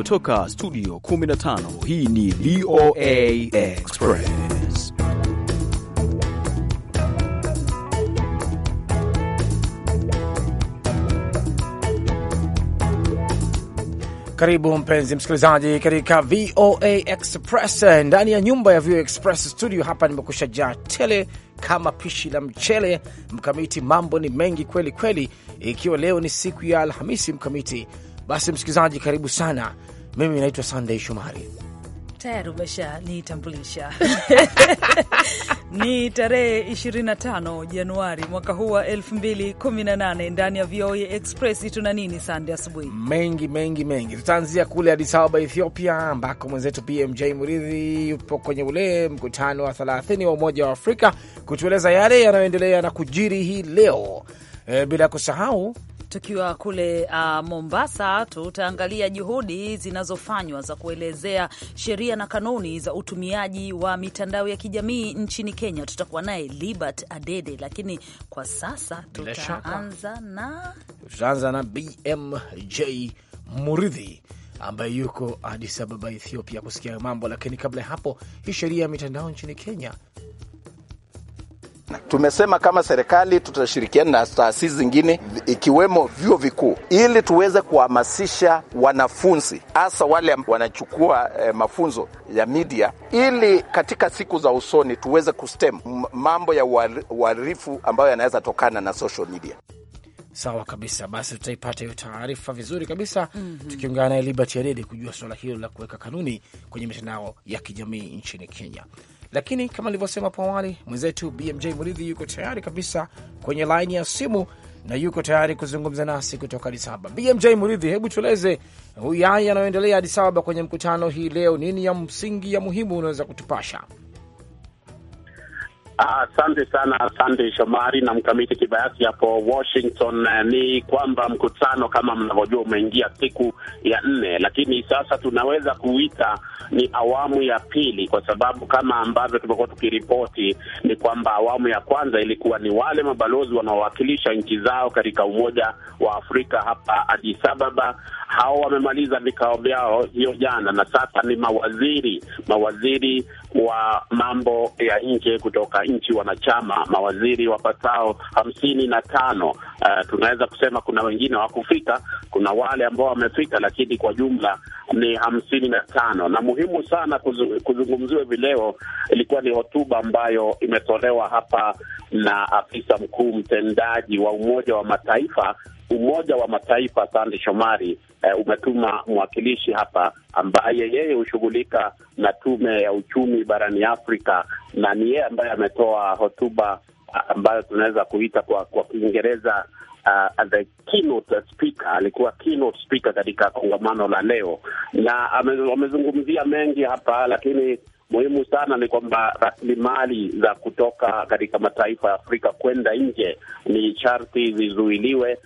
kutoka studio 15 hii ni VOA Express Karibu mpenzi msikilizaji katika VOA Express ndani ya nyumba ya VOA Express studio hapa, nimekusha jaa tele kama pishi la mchele. Mkamiti, mambo ni mengi kweli kweli, ikiwa leo ni siku ya Alhamisi mkamiti basi msikilizaji, karibu sana. Mimi naitwa Sandey Shomari. Tayari umesha niitambulisha. Ni tarehe 25 Januari mwaka huu wa 2018. Ndani ya VOA Express tuna nini Sande asubuhi? Mengi mengi mengi, tutaanzia kule Addis Ababa, Ethiopia, ambako mwenzetu BMJ Muridhi yupo kwenye ule mkutano wa 30 wa Umoja wa Afrika kutueleza yale yanayoendelea na kujiri hii leo. E, bila kusahau Tukiwa kule uh, Mombasa, tutaangalia juhudi zinazofanywa za kuelezea sheria na kanuni za utumiaji wa mitandao ya kijamii nchini Kenya. Tutakuwa naye Libert Adede, lakini kwa sasa tutaanza na tutaanza na BMJ Muridhi ambaye yuko Addis Ababa, Ethiopia, kusikia mambo. Lakini kabla ya hapo, hii sheria ya mitandao nchini Kenya Tumesema kama serikali tutashirikiana na taasisi zingine ikiwemo vyuo vikuu ili tuweze kuhamasisha wanafunzi hasa wale wanachukua eh, mafunzo ya media ili katika siku za usoni tuweze kustem mambo ya uharifu ambayo yanaweza tokana na social media. Sawa kabisa, basi tutaipata hiyo taarifa vizuri kabisa mm -hmm. Tukiungana naye Liberty Adede kujua suala hilo la kuweka kanuni kwenye mitandao ya kijamii nchini Kenya. Lakini kama alivyosema hapo awali, mwenzetu BMJ Muridhi yuko tayari kabisa kwenye laini ya simu na yuko tayari kuzungumza nasi kutoka Addis Ababa. BMJ Muridhi, hebu tueleze huyu yaya anayoendelea Addis Ababa kwenye mkutano hii leo, nini ya msingi ya muhimu unaweza kutupasha? Asante sana asante Shomari na mkamiti kibayasi hapo Washington. Eh, ni kwamba mkutano kama mnavyojua umeingia siku ya nne, lakini sasa tunaweza kuita ni awamu ya pili, kwa sababu kama ambavyo tumekuwa tukiripoti ni kwamba awamu ya kwanza ilikuwa ni wale mabalozi wanaowakilisha nchi zao katika Umoja wa Afrika hapa Addis Ababa. Hao wamemaliza vikao vyao hiyo jana, na sasa ni mawaziri mawaziri wa mambo ya nje kutoka nchi wanachama, mawaziri wapatao hamsini na tano. Uh, tunaweza kusema kuna wengine hawakufika, kuna wale ambao wamefika, lakini kwa jumla ni hamsini na tano. Na muhimu sana kuzungumziwa hivi leo ilikuwa ni hotuba ambayo imetolewa hapa na afisa mkuu mtendaji wa Umoja wa Mataifa Umoja wa Mataifa Sande Shomari uh, umetuma mwakilishi hapa ambaye yeye hushughulika na tume ya uchumi barani Afrika, na ni yeye ambaye ametoa hotuba eh, ambayo tunaweza kuita kwa kwa Kiingereza uh, the keynote speaker. Alikuwa keynote speaker katika kongamano la leo, na amezungumzia mengi hapa, lakini Muhimu sana ni kwamba rasilimali za kutoka katika mataifa ya Afrika kwenda nje ni sharti zizuiliwe,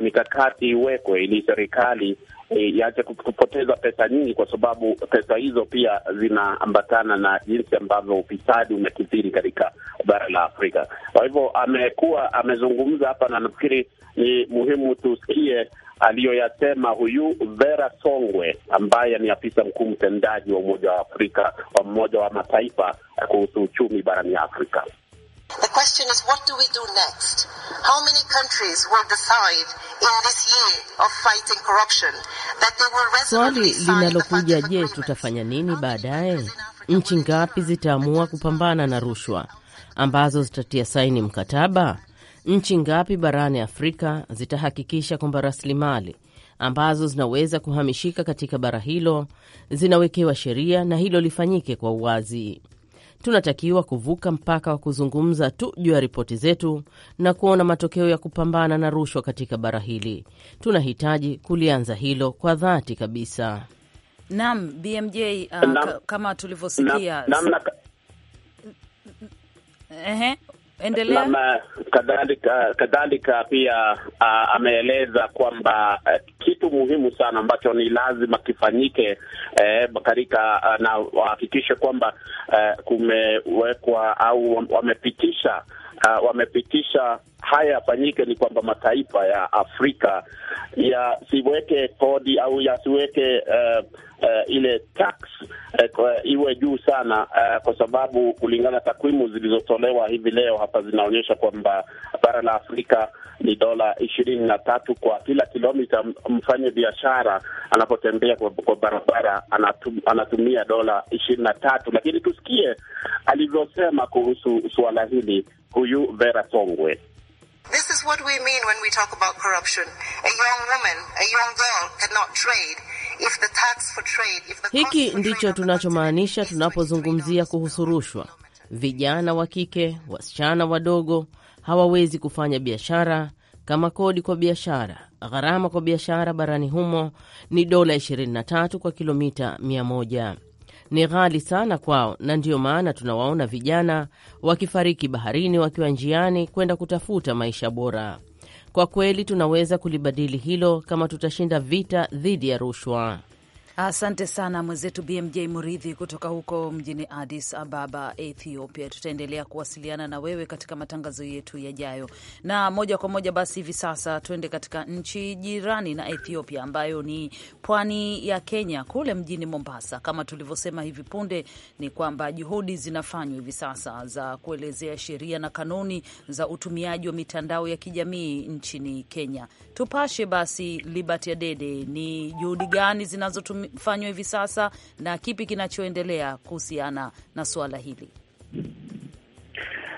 mikakati iwekwe ili serikali e, iache kupoteza pesa nyingi, kwa sababu pesa hizo pia zinaambatana na jinsi ambavyo ufisadi umekithiri katika bara la Afrika. Kwa hivyo amekuwa amezungumza hapa, na nafikiri ni muhimu tusikie aliyoyasema huyu Vera Songwe ambaye ni afisa mkuu mtendaji wa Umoja wa Afrika wa Umoja wa Mataifa kuhusu uchumi barani Afrika. The question is what do we do next? How many countries will decide in this year of fighting corruption that they will Swali linalokuja, je, tutafanya nini baadaye? Nchi ngapi zitaamua kupambana na rushwa ambazo zitatia saini mkataba Nchi ngapi barani Afrika zitahakikisha kwamba rasilimali ambazo zinaweza kuhamishika katika bara hilo zinawekewa sheria na hilo lifanyike kwa uwazi? Tunatakiwa kuvuka mpaka wa kuzungumza tu juu ya ripoti zetu na kuona matokeo ya kupambana na rushwa katika bara hili. Tunahitaji kulianza hilo kwa dhati kabisa. Naam, BMJ, uh, nam, kama tulivyosikia nam, nam, nam, endelea. Eh, kadhalika, kadhalika pia uh, ameeleza kwamba uh, kitu muhimu sana ambacho ni lazima kifanyike eh, katika uh, na wahakikishe kwamba uh, kumewekwa au wamepitisha uh, wamepitisha haya yafanyike ni kwamba mataifa ya Afrika yasiweke kodi au yasiweke uh, uh, ile tax uh, iwe juu sana uh, kwa sababu kulingana takwimu zilizotolewa hivi leo hapa zinaonyesha kwamba bara la Afrika ni dola ishirini na tatu kwa kila kilomita. Mfanye biashara anapotembea kwa, kwa barabara anatum, anatumia dola ishirini na tatu, lakini tusikie alivyosema kuhusu suala hili huyu Vera Songwe. This is what we mean when we talk about corruption. A young woman, a young girl cannot trade if the tax for trade, if the Hiki ndicho tunachomaanisha tunapozungumzia kuhusu rushwa. Vijana wa kike, wasichana wadogo hawawezi kufanya biashara kama kodi kwa biashara. Gharama kwa biashara barani humo ni dola 23 kwa kilomita ni ghali sana kwao, na ndiyo maana tunawaona vijana wakifariki baharini wakiwa njiani kwenda kutafuta maisha bora. Kwa kweli tunaweza kulibadili hilo kama tutashinda vita dhidi ya rushwa. Asante sana mwenzetu BMJ Muridhi kutoka huko mjini Addis Ababa, Ethiopia. Tutaendelea kuwasiliana na wewe katika matangazo yetu yajayo, na moja kwa moja basi hivi sasa tuende katika nchi jirani na Ethiopia ambayo ni pwani ya Kenya, kule mjini Mombasa. Kama tulivyosema hivi punde, ni kwamba juhudi zinafanywa hivi sasa za kuelezea sheria na kanuni za utumiaji wa mitandao ya kijamii nchini Kenya. Tupashe basi, Liberty Adede, ni juhudi gani zinazotumia kinafanywa hivi sasa na kipi kinachoendelea kuhusiana na suala hili?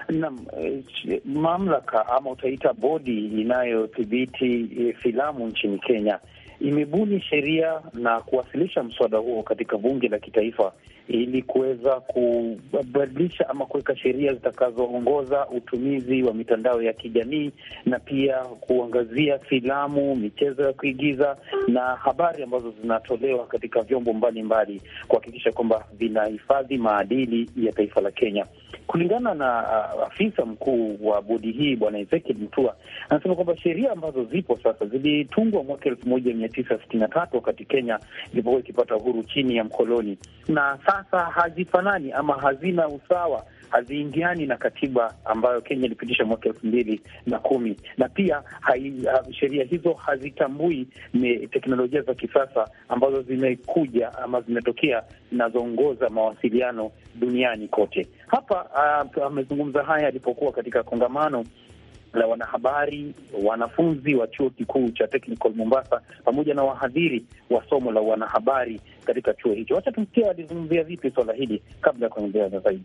Naam, eh, mamlaka ama utaita bodi inayothibiti eh, filamu nchini Kenya imebuni sheria na kuwasilisha mswada huo katika bunge la kitaifa ili kuweza kubadilisha ama kuweka sheria zitakazoongoza utumizi wa mitandao ya kijamii na pia kuangazia filamu, michezo ya kuigiza na habari ambazo zinatolewa katika vyombo mbalimbali, kuhakikisha kwamba vinahifadhi maadili ya taifa la Kenya. Kulingana na uh, afisa mkuu wa bodi hii Bwana Ezekiel Mtua anasema kwamba sheria ambazo zipo sasa zilitungwa mwaka elfu moja mia tisa sitini na tatu wakati Kenya ilipokuwa ikipata uhuru chini ya mkoloni na sasa hazifanani ama hazina usawa, haziingiani na katiba ambayo Kenya ilipitisha mwaka elfu mbili na kumi na pia sheria hizo hazitambui teknolojia za kisasa ambazo zimekuja ama zimetokea zinazoongoza mawasiliano duniani kote. Hapa amezungumza haya alipokuwa katika kongamano la wanahabari, wanafunzi wa chuo kikuu cha Technical Mombasa pamoja na wahadhiri wa somo la wanahabari katika chuo hicho. Wacha tusikia walizungumzia vipi swala hili kabla ya kuendelea zaidi.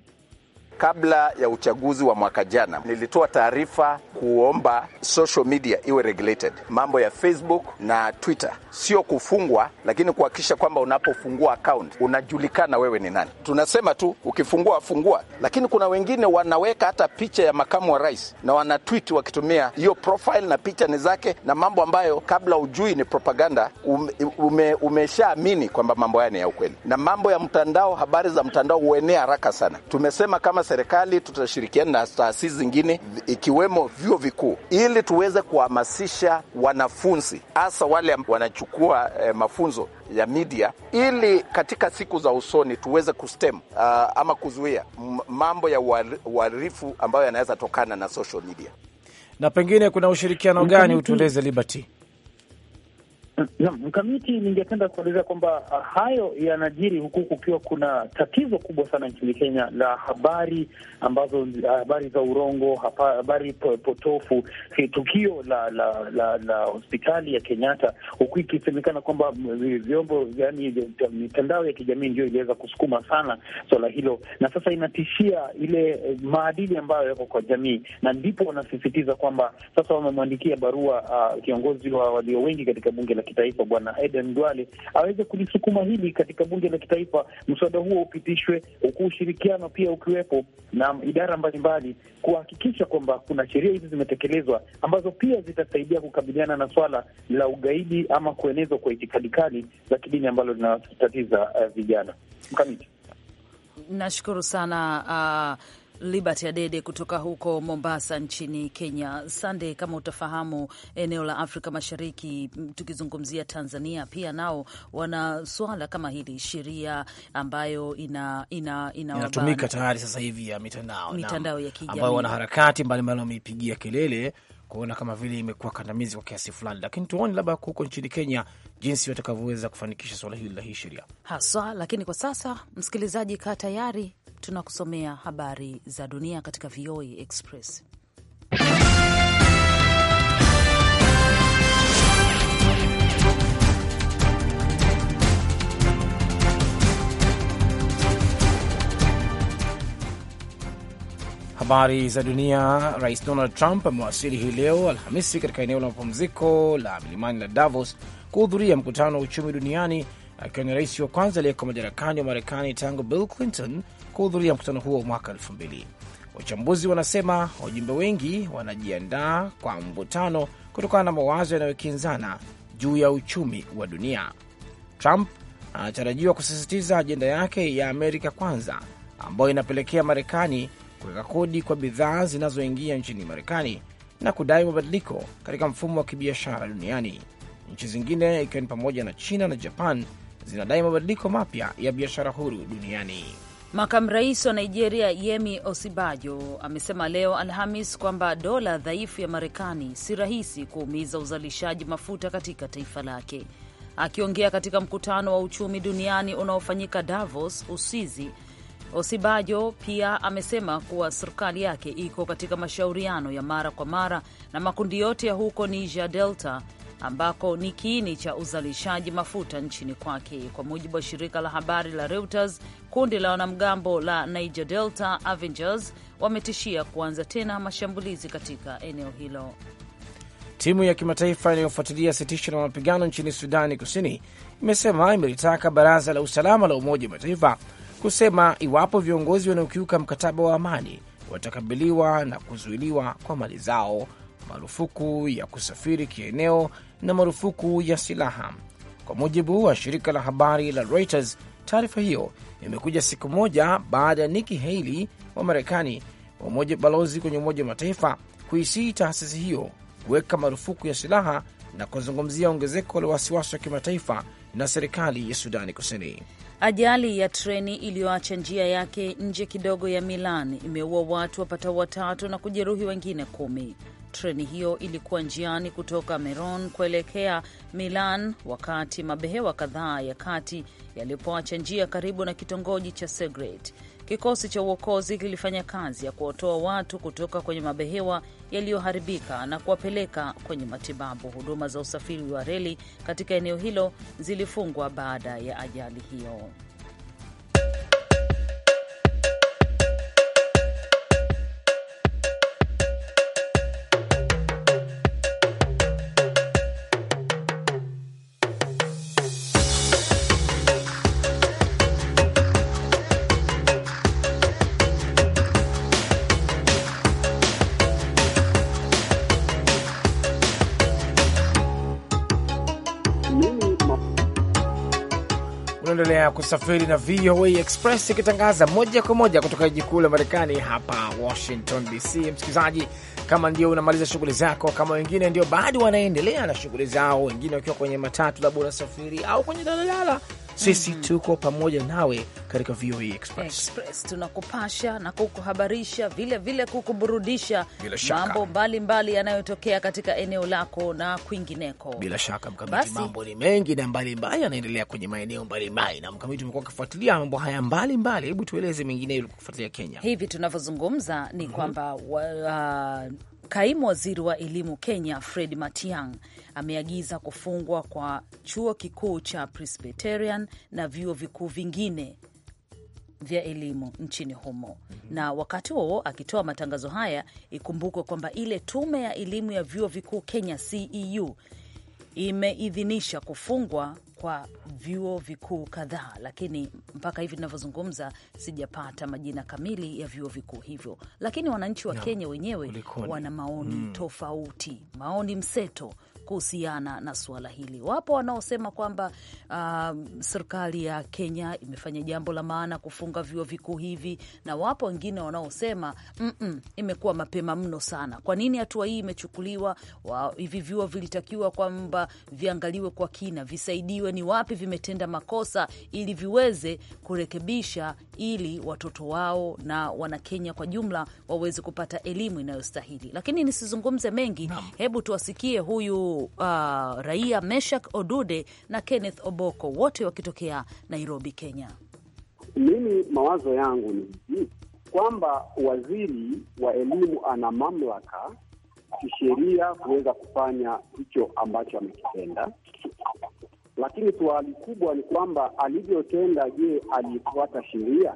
Kabla ya uchaguzi wa mwaka jana, nilitoa taarifa kuomba social media iwe regulated, mambo ya Facebook na Twitter, sio kufungwa, lakini kuhakikisha kwamba unapofungua account unajulikana wewe ni nani. Tunasema tu ukifungua fungua, lakini kuna wengine wanaweka hata picha ya makamu wa rais na wana tweet wakitumia hiyo profile na picha ni zake na mambo ambayo kabla ujui ni propaganda. Ume, ume, umeshaamini kwamba mambo haya ni ya ukweli, na mambo ya mtandao, habari za mtandao huenea haraka sana. Tumesema kama serikali, tutashirikiana na taasisi zingine ikiwemo vyuo vikuu ili tuweze kuhamasisha wanafunzi hasa wale wanachukua eh, mafunzo ya media ili katika siku za usoni tuweze kustem uh, ama kuzuia mambo ya uharifu ambayo yanaweza tokana na social media. Na pengine kuna ushirikiano gani, utueleze Liberty? Naam, mkamiti, ningependa kuelezea kwamba ah, hayo yanajiri huku kukiwa kuna tatizo kubwa sana nchini Kenya la habari ambazo, ah, habari za urongo, habari potofu. Tukio la la la, la hospitali ya Kenyatta huku ikisemekana kwamba mm, vyombo, yani mitandao ya kijamii ndio iliweza kusukuma sana swala hilo, na sasa inatishia ile eh, maadili ambayo yako kwa jamii, na ndipo wanasisitiza kwamba sasa wamemwandikia barua uh, kiongozi wa walio wengi katika bunge la kitaifa Bwana Eden Duale aweze kulisukuma hili katika bunge la kitaifa, mswada huo upitishwe, huku ushirikiano pia ukiwepo na idara mbalimbali kuhakikisha kwamba kuna sheria hizi zimetekelezwa, ambazo pia zitasaidia kukabiliana na swala la ugaidi ama kuenezwa kwa itikadi kali za kidini ambalo linatatiza uh, vijana mkamiti. Nashukuru sana uh... Liberty Adede kutoka huko Mombasa nchini Kenya. Sande, kama utafahamu, eneo la Afrika Mashariki, tukizungumzia Tanzania, pia nao wana swala kama hili, sheria ambayo ina, ina, ina inatumika tayari sasa hivi ya mitandao, mitandao ya kijamii ambayo wanaharakati mbalimbali wameipigia kelele kuona kama vile imekuwa kandamizi kwa kiasi fulani, lakini tuone labda huko nchini Kenya jinsi watakavyoweza kufanikisha swala hili la hii sheria haswa. Lakini kwa sasa, msikilizaji, kaa tayari tunakusomea habari za dunia katika VOA Express. Habari za dunia. Rais Donald Trump amewasili hii leo Alhamisi katika eneo la mapumziko la milimani la Davos kuhudhuria mkutano wa uchumi duniani akiwa ni rais wa kwanza aliyeko madarakani wa Marekani tangu Bill Clinton kuhudhuria mkutano huo mwaka elfu mbili. Wachambuzi wanasema wajumbe wengi wanajiandaa kwa mvutano kutokana na mawazo yanayokinzana juu ya uchumi wa dunia. Trump anatarajiwa kusisitiza ajenda yake ya Amerika kwanza ambayo inapelekea Marekani kuweka kodi kwa bidhaa zinazoingia nchini Marekani na kudai mabadiliko katika mfumo wa kibiashara duniani. Nchi zingine ikiwa ni pamoja na China na Japan zinadai mabadiliko mapya ya biashara huru duniani. Makamu rais wa Nigeria Yemi Osibajo amesema leo Alhamis kwamba dola dhaifu ya Marekani si rahisi kuumiza uzalishaji mafuta katika taifa lake. Akiongea katika mkutano wa uchumi duniani unaofanyika Davos Uswizi, Osibajo pia amesema kuwa serikali yake iko katika mashauriano ya mara kwa mara na makundi yote ya huko Niger Delta ambako ni kiini cha uzalishaji mafuta nchini kwake. Kwa mujibu wa shirika la habari la Reuters, kundi la wanamgambo la Niger Delta Avengers wametishia kuanza tena mashambulizi katika eneo hilo. Timu ya kimataifa inayofuatilia sitisho la mapigano nchini Sudani Kusini imesema imelitaka Baraza la Usalama la Umoja wa Mataifa kusema iwapo viongozi wanaokiuka mkataba wa amani watakabiliwa na kuzuiliwa kwa mali zao marufuku ya kusafiri kieneo na marufuku ya silaha. Kwa mujibu wa shirika la habari la Reuters, taarifa hiyo imekuja siku moja baada ya Nikki Haley wa Marekani, balozi kwenye Umoja wa Mataifa, kuisii taasisi hiyo kuweka marufuku ya silaha na kuzungumzia ongezeko la wasiwasi wa kimataifa na serikali ya Sudani Kusini. Ajali ya treni iliyoacha njia yake nje kidogo ya Milan imeua watu wapatao watatu na kujeruhi wengine kumi. Treni hiyo ilikuwa njiani kutoka Meron kuelekea Milan wakati mabehewa kadhaa ya kati yalipoacha njia karibu na kitongoji cha Segret. Kikosi cha uokozi kilifanya kazi ya kuwatoa watu kutoka kwenye mabehewa yaliyoharibika na kuwapeleka kwenye matibabu. Huduma za usafiri wa reli katika eneo hilo zilifungwa baada ya ajali hiyo. unaendelea kusafiri na VOA Express ikitangaza moja kwa moja kutoka jiji kuu la Marekani hapa Washington DC. Msikilizaji, kama ndio unamaliza shughuli zako, kama wengine ndio bado wanaendelea na shughuli zao, wengine wakiwa kwenye matatu, labda unasafiri au kwenye daladala sisi mm -hmm. tuko pamoja nawe katika VOA Express. Express tunakupasha na kukuhabarisha vile vile kukuburudisha mambo mbalimbali yanayotokea katika eneo lako na kwingineko. Bila shaka mkamiti, mambo ni mengi na mbalimbali yanaendelea kwenye maeneo mbalimbali, na mkamiti umekuwa ukifuatilia mambo haya mbalimbali, hebu tueleze mengine kufuatilia Kenya hivi tunavyozungumza ni mm -hmm. kwamba wa, uh, kaimu waziri wa elimu Kenya Fred Matiang'i ameagiza kufungwa kwa chuo kikuu cha Presbyterian na vyuo vikuu vingine vya elimu nchini humo. mm -hmm. Na wakati huo akitoa matangazo haya, ikumbukwe kwamba ile tume ya elimu ya vyuo vikuu Kenya CEU imeidhinisha kufungwa kwa vyuo vikuu kadhaa, lakini mpaka hivi inavyozungumza sijapata majina kamili ya vyuo vikuu hivyo, lakini wananchi wa no, Kenya wenyewe wana maoni mm, tofauti, maoni mseto kuhusiana na suala hili. Wapo wanaosema kwamba uh, serikali ya Kenya imefanya jambo la maana kufunga vyuo vikuu hivi, na wapo wengine wanaosema mm -mm, imekuwa mapema mno sana. Kwa nini hatua hii imechukuliwa? Hivi vyuo vilitakiwa kwamba viangaliwe kwa kina, visaidiwe ni wapi vimetenda makosa, ili viweze kurekebisha, ili watoto wao na Wanakenya kwa jumla waweze kupata elimu inayostahili. Lakini nisizungumze mengi, hebu tuwasikie huyu uh, raia Meshak Odude na Kenneth Oboko wote wakitokea Nairobi, Kenya. Mimi mawazo yangu ni kwamba waziri wa elimu ana mamlaka kisheria kuweza kufanya hicho ambacho amekitenda, lakini swali kubwa ni kwamba alivyotenda, je, alifuata sheria?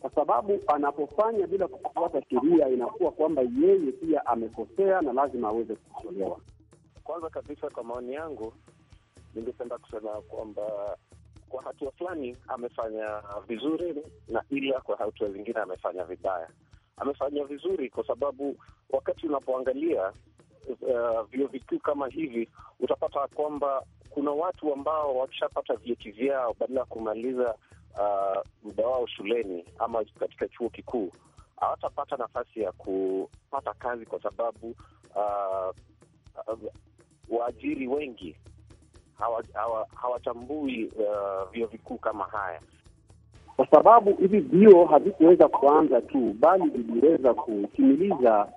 Kwa sababu anapofanya bila kufuata sheria, inakuwa kwamba yeye pia amekosea na lazima aweze kutolewa. Kwanza kabisa, kwa maoni yangu, ningependa kusema kwamba kwa hatua fulani amefanya vizuri, na ila kwa hatua zingine amefanya vibaya. Amefanya vizuri kwa sababu wakati unapoangalia uh, vyuo vikuu kama hivi utapata kwamba kuna watu ambao wakishapata vyeti vyao badala ya kumaliza uh, muda wao shuleni ama katika chuo kikuu hawatapata nafasi ya kupata kazi kwa sababu uh, waajiri wengi hawatambui hawa, hawa uh, vikuu kama haya kwa sababu hivi vyuo havikuweza kuanza tu, bali viliweza kutimiliza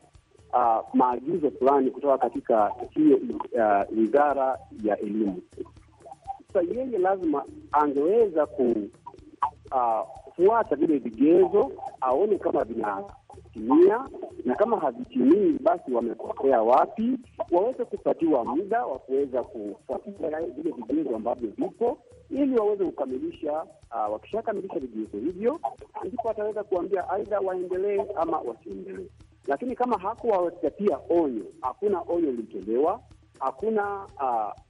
uh, maagizo fulani kutoka katika hiyo wizara uh, ya elimu. Sasa so, yeye lazima angeweza uh, kufuata uh, vile vigezo aone kama vina kutimia, na kama havitimii basi wamekosea wapi, waweze kupatiwa muda wa kuweza kufuatilia vile vigezo ambavyo vipo ili waweze kukamilisha. Uh, wakishakamilisha vigezo hivyo ndipo wataweza kuambia aidha waendelee ama wasiendelee, lakini kama hakuwatatia onyo, hakuna onyo lilitolewa hakuna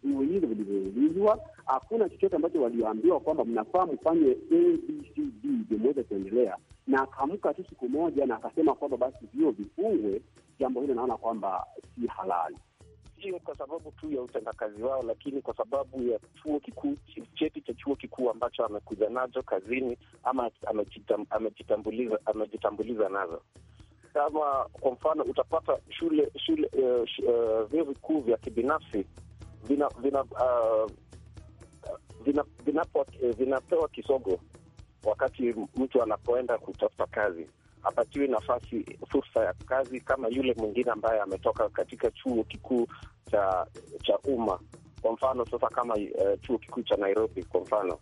viulizo ah, uh, vilivyoulizwa, hakuna chochote ambacho walioambiwa kwamba mnafaa mfanye abcd ndio kuendelea. Na akaamka tu siku moja na akasema kwamba basi vio vifungwe. Jambo hilo naona kwamba si halali, sio kwa sababu tu ya utendakazi wao, lakini kwa sababu ya chuo kikuu, cheti cha chuo kikuu ambacho amekuja nacho kazini ama amejitambuliza nazo kama kwa mfano utapata shule shule uh, sh, uh, vyuo vikuu vya kibinafsi vina vina uh, vina, vina, vina, eh, vinapewa kisogo wakati mtu anapoenda kutafuta kazi apatiwe nafasi fursa ya kazi kama yule mwingine ambaye ametoka katika chuo kikuu cha cha umma. Kwa mfano sasa kama uh, chuo kikuu cha Nairobi kwa mfano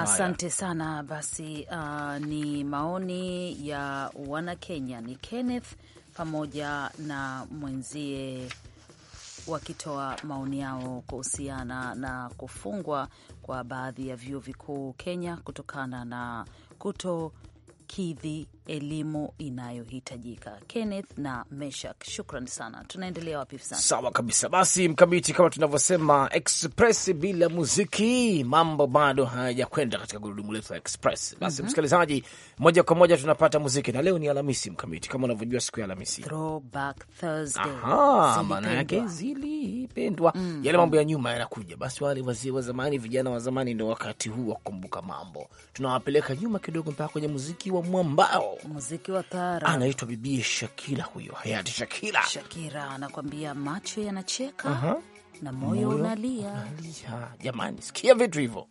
Asante sana. Basi uh, ni maoni ya Wanakenya, ni Kenneth pamoja na mwenzie wakitoa maoni yao kuhusiana na kufungwa kwa baadhi ya vyuo vikuu Kenya kutokana na kuto kidhi elimu inayohitajika. Kenneth na Meshak, shukran sana. Tunaendelea wapi? Sawa kabisa. Basi Mkamiti, kama tunavyosema Express bila muziki, mambo bado hayajakwenda katika gurudumu letu la Express. Basi mm -hmm. Msikilizaji, moja kwa moja tunapata muziki, na leo ni Alhamisi. Mkamiti, kama unavyojua siku ya Alhamisi, Throwback Thursday, maana yake zilipendwa mm -hmm. yale mambo ya nyuma yanakuja. Basi wale wazee wa zamani, vijana wa zamani, ndio wakati huu wa kukumbuka mambo. Tunawapeleka nyuma kidogo mpaka kwenye muziki wa mwambao muziki wa para anaitwa Bibi Shakira, huyo hayati Shakira. Shakira anakwambia macho yanacheka uh -huh. na moyo unalia. Unalia jamani, sikia vitu hivyo.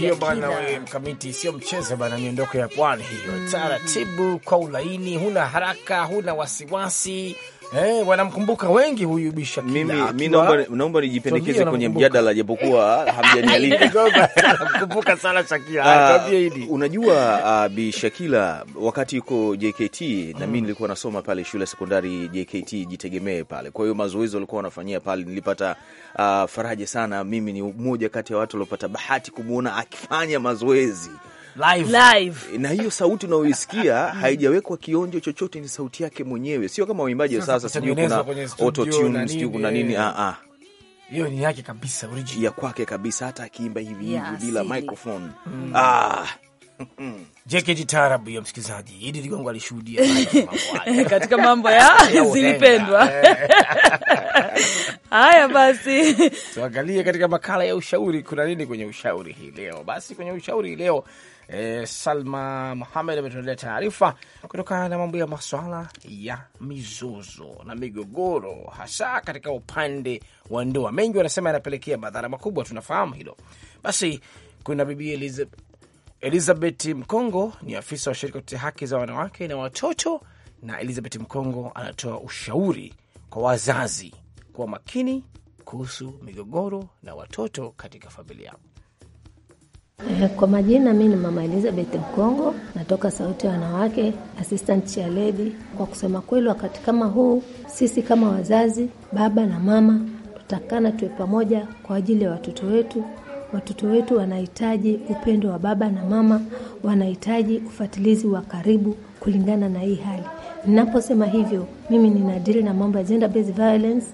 hiyo bana, we mkamiti, sio mchezo bana, miondoko ya pwani hiyo, taratibu kwa ulaini, huna haraka, huna wasiwasi Eh, wanamkumbuka wengi huyu Bishop. Mimi mimi naomba naomba nijipendekeze kwenye mjadala japokuwa hamjanialika. Nakumbuka sana Shakila. Uh, ah, unajua uh, Bi Shakila wakati yuko JKT na mimi mm. nilikuwa nasoma pale shule sekondari JKT Jitegemee pale. Kwa hiyo mazoezi walikuwa wanafanyia pale nilipata uh, faraja sana. Mimi ni mmoja kati ya watu waliopata bahati kumuona akifanya mazoezi live. Live. Na hiyo sauti unaoisikia haijawekwa kionjo chochote, ni sauti yake mwenyewe, sio kama waimbaji sasa, sijui kuna auto tune, sijui kuna nini a a ah, ah. hiyo ni yake kabisa, original ya kwake kabisa, hata akiimba hivi yeah, hivi bila microphone mm. ah JKT Tarab ya msikilizaji Idi Ligongo alishuhudia katika mambo ya zilipendwa. Haya basi, tuangalie katika makala ya ushauri, kuna nini kwenye ushauri hii leo? Basi kwenye ushauri hii leo eh, Salma Muhamed ametuandalia taarifa kutokana na mambo ya maswala ya mizozo na migogoro, hasa katika upande wa ndoa. Mengi wanasema yanapelekea madhara makubwa, tunafahamu hilo. Basi kuna bibi Elizabeth, Elizabeth Mkongo ni afisa wa shirika kutetea haki za wanawake na watoto, na Elizabeth Mkongo anatoa ushauri kwa wazazi kuwa makini kuhusu migogoro na watoto katika familia. Eh, kwa majina mi ni Mama Elizabeth Mkongo, natoka Sauti ya Wanawake, assistant chairlady. Kwa kusema kweli, wakati kama huu sisi kama wazazi, baba na mama, tutakana tuwe pamoja kwa ajili ya watoto wetu. Watoto wetu wanahitaji upendo wa baba na mama, wanahitaji ufatilizi wa karibu kulingana na hii hali. Ninaposema hivyo, mimi ninadili na mambo ya gender based violence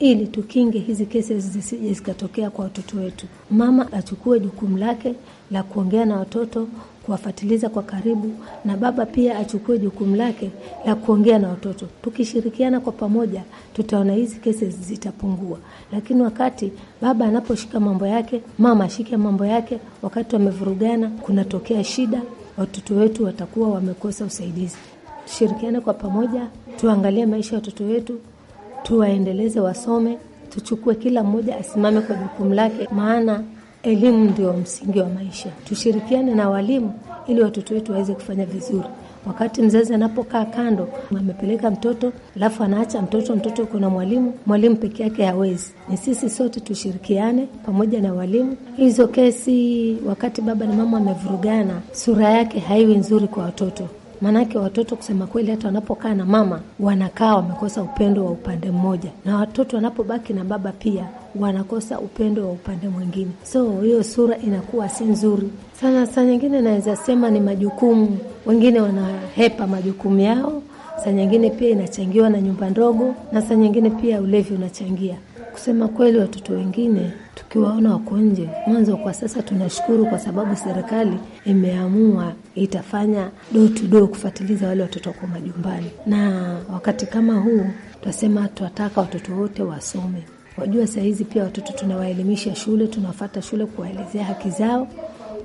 ili tukinge hizi kesi zisije zikatokea kwa watoto wetu. Mama achukue jukumu lake la kuongea na watoto, kuwafatiliza kwa karibu, na baba pia achukue jukumu lake la kuongea na watoto. Tukishirikiana kwa pamoja, tutaona hizi kesi zitapungua. Lakini wakati baba anaposhika mambo yake, mama ashike mambo yake, wakati wamevurugana, kunatokea shida, watoto wetu watakuwa wamekosa usaidizi. Tushirikiane kwa pamoja, tuangalie maisha ya watoto wetu tuwaendeleze, wasome, tuchukue kila mmoja asimame kwa jukumu lake, maana elimu ndio msingi wa maisha. Tushirikiane na walimu ili watoto wetu waweze kufanya vizuri. Wakati mzazi anapokaa kando, amepeleka mtoto alafu anaacha mtoto, mtoto uko na mwalimu, mwalimu peke yake hawezi. Ni sisi sote tushirikiane pamoja na walimu. Hizo kesi, wakati baba na mama wamevurugana, sura yake haiwi nzuri kwa watoto. Maanake watoto kusema kweli, hata wanapokaa na mama wanakaa wamekosa upendo wa upande mmoja, na watoto wanapobaki na baba pia wanakosa upendo wa upande mwingine, so hiyo sura inakuwa si nzuri sana. Saa nyingine naweza sema ni majukumu, wengine wanahepa majukumu yao. Saa nyingine pia inachangiwa na nyumba ndogo, na saa nyingine pia ulevi unachangia. Kusema kweli, watoto wengine tukiwaona wako nje, mwanzo kwa sasa tunashukuru kwa sababu serikali imeamua itafanya do to do kufuatiliza wale watoto wako majumbani, na wakati kama huu twasema twataka watoto wote wasome. Wajua sahizi pia watoto tunawaelimisha shule, tunafata shule kuwaelezea haki zao.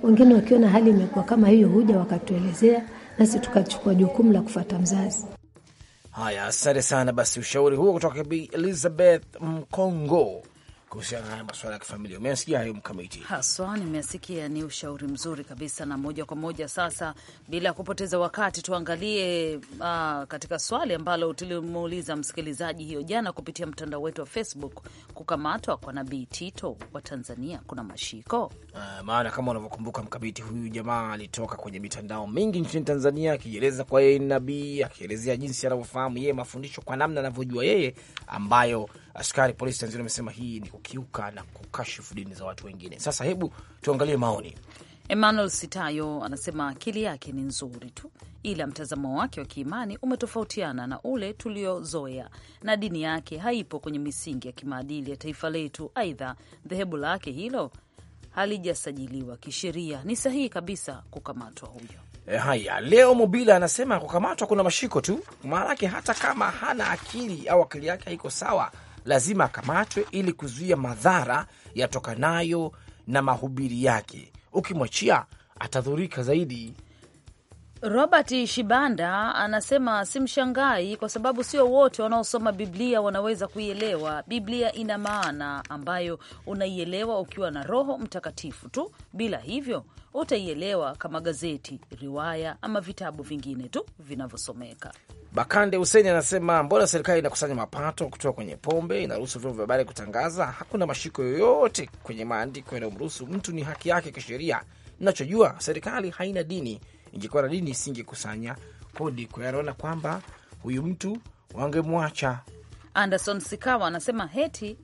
Wengine wakiona hali imekuwa kama hiyo, huja wakatuelezea, nasi tukachukua jukumu la kufata mzazi. Haya, asante sana. Basi ushauri huo kutoka Elizabeth Mkongo kuhusiana na haya masuala ya kifamilia. Umeasikia hayo Mkamiti? Haswa, nimeasikia, Ni ushauri mzuri kabisa, na moja kwa moja sasa, bila kupoteza wakati, tuangalie uh, katika swali ambalo tulimuuliza msikilizaji hiyo jana kupitia mtandao wetu wa Facebook, kukamatwa kwa Nabii Tito wa Tanzania kuna mashiko? Uh, maana kama unavyokumbuka Mkamiti, huyu jamaa alitoka kwenye mitandao mingi nchini Tanzania akijieleza kwa yeye nabii, akielezea jinsi anavyofahamu yeye mafundisho kwa namna anavyojua yeye ambayo askari polisi Tanzania wamesema hii ni kukiuka na kukashifu dini za watu wengine. Sasa hebu tuangalie maoni. Emmanuel Sitayo anasema akili yake ni nzuri tu, ila mtazamo wake wa kiimani umetofautiana na ule tuliozoea, na dini yake haipo kwenye misingi ya kimaadili ya taifa letu. Aidha, dhehebu lake hilo halijasajiliwa kisheria. Ni sahihi kabisa kukamatwa huyo. E, haya leo Mobila anasema kukamatwa kuna mashiko tu, maanake hata kama hana akili au akili yake haiko sawa, lazima akamatwe ili kuzuia madhara yatokanayo na mahubiri yake. Ukimwachia atadhurika zaidi. Robert Shibanda anasema simshangai, kwa sababu sio wote wanaosoma Biblia wanaweza kuielewa. Biblia ina maana ambayo unaielewa ukiwa na Roho Mtakatifu tu, bila hivyo utaielewa kama gazeti, riwaya ama vitabu vingine tu vinavyosomeka. Bakande Huseni anasema mbona serikali inakusanya mapato kutoka kwenye pombe, inaruhusu vyombo vya habari kutangaza? Hakuna mashiko yoyote kwenye maandiko yanayomruhusu mtu, ni haki yake kisheria. Nachojua serikali haina dini ingekuwa na dini isingekusanya kodi. Kwa hiyo anaona kwamba huyu mtu wangemwacha. Anderson Sikawa anasema heti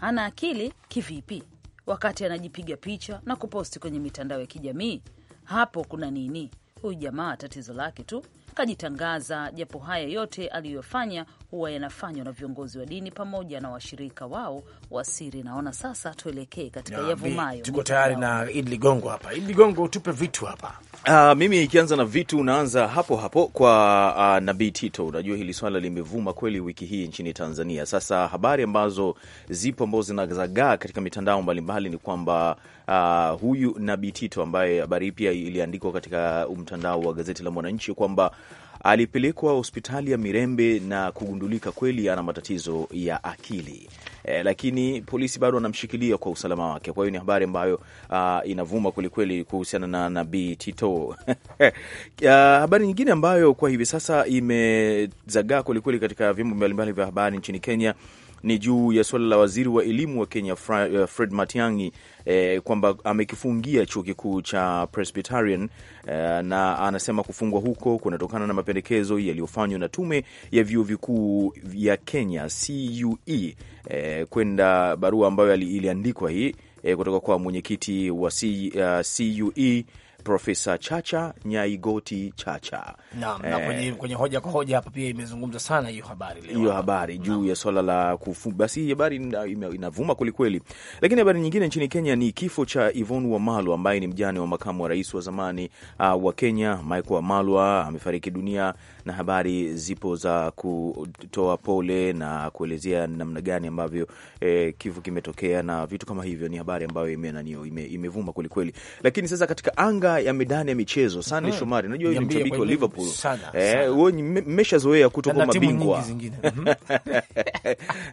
hana akili kivipi, wakati anajipiga picha na kuposti kwenye mitandao ya kijamii? Hapo kuna nini? Huyu jamaa tatizo lake tu kajitangaza, japo haya yote aliyofanya huwa yanafanywa na viongozi wa dini pamoja na washirika wao wa siri. Naona sasa tuelekee katika yavumayo. Tuko tayari na Idi Ligongo hapa. Idi Ligongo, tupe vitu hapa. Uh, mimi ikianza na vitu unaanza hapo hapo kwa uh, Nabii Tito. Unajua hili swala limevuma kweli wiki hii nchini Tanzania. Sasa habari ambazo zipo ambazo zinazagaa katika mitandao mbalimbali ni kwamba uh, huyu Nabii Tito ambaye habari pia iliandikwa katika mtandao wa gazeti la Mwananchi kwamba alipelekwa hospitali ya Mirembe na kugundulika kweli ana matatizo ya akili e, lakini polisi bado anamshikilia kwa usalama wake. Kwa hiyo ni habari ambayo uh, inavuma kwelikweli kuhusiana na Nabii Tito uh, habari nyingine ambayo kwa hivi sasa imezagaa kwelikweli katika vyombo mbalimbali vya habari nchini Kenya ni juu ya suala la waziri wa elimu wa Kenya uh, Fred Matiang'i eh, kwamba amekifungia chuo kikuu cha Presbyterian eh, na anasema kufungwa huko kunatokana na mapendekezo yaliyofanywa na tume ya vyuo vikuu vya Kenya CUE eh, kwenda barua ambayo iliandikwa hii eh, kutoka kwa mwenyekiti wa C, uh, CUE Profesa Chacha Nyaigoti Chacha na, na, eh, kwenye, kwenye hoja kwa hoja hapa pia imezungumza sana hiyo habari leo, hiyo habari juu ya swala la kufu. Basi hii habari inavuma kwelikweli, lakini habari nyingine nchini Kenya ni kifo cha Yvonne Wamalwa ambaye ni mjane wa makamu wa rais wa zamani uh, wa Kenya Michael Wamalwa amefariki dunia, na habari zipo za kutoa pole na kuelezea namna gani ambavyo eh, kifo kimetokea na vitu kama hivyo. Ni habari ambayo imenanio imevuma kwelikweli, lakini sasa katika anga lugha ya midani ya michezo. Sande hmm. Shomari, unajua ni mshabiki wa Liverpool eh, wewe mmeshazoea kutokuwa mabingwa. Mhm.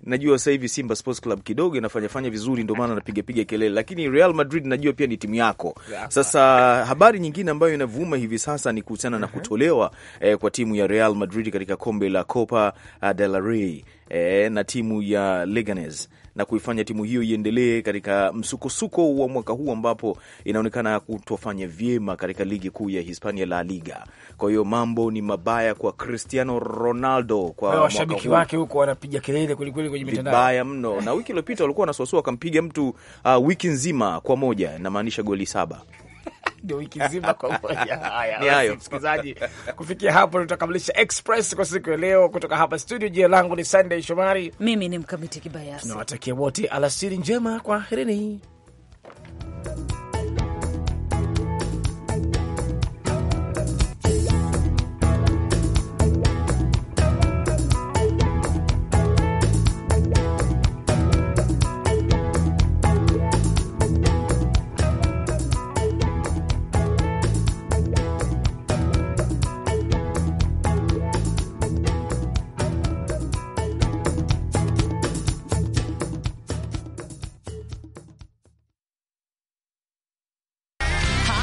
Najua sasa hivi Simba Sports Club kidogo inafanyafanya vizuri, ndio maana napiga piga kelele, lakini Real Madrid najua pia ni timu yako. Sasa habari nyingine ambayo inavuma hivi sasa ni kuhusiana na mhm. kutolewa eh, kwa timu ya Real Madrid katika kombe la Copa eh, del Rey eh, na timu ya Leganes na kuifanya timu hiyo iendelee katika msukosuko wa mwaka huu ambapo inaonekana kutofanya vyema katika ligi kuu ya Hispania, La Liga. Kwa hiyo mambo ni mabaya kwa Cristiano Ronaldo, kwa washabiki wake huko wanapiga kelele kwelikweli kwenye mitandao, vibaya mno. Na wiki iliyopita walikuwa wanasuasua wakampiga mtu uh, wiki nzima kwa moja, namaanisha goli saba ndio wiki nzima kwa moja. Haya, msikilizaji, kufikia hapo tutakamilisha Express kwa siku ya leo kutoka hapa studio. Jina langu ni Sunday Shomari, mimi ni mkamiti Kibayasi. Tunawatakia wote alasiri njema, kwa kwaherini.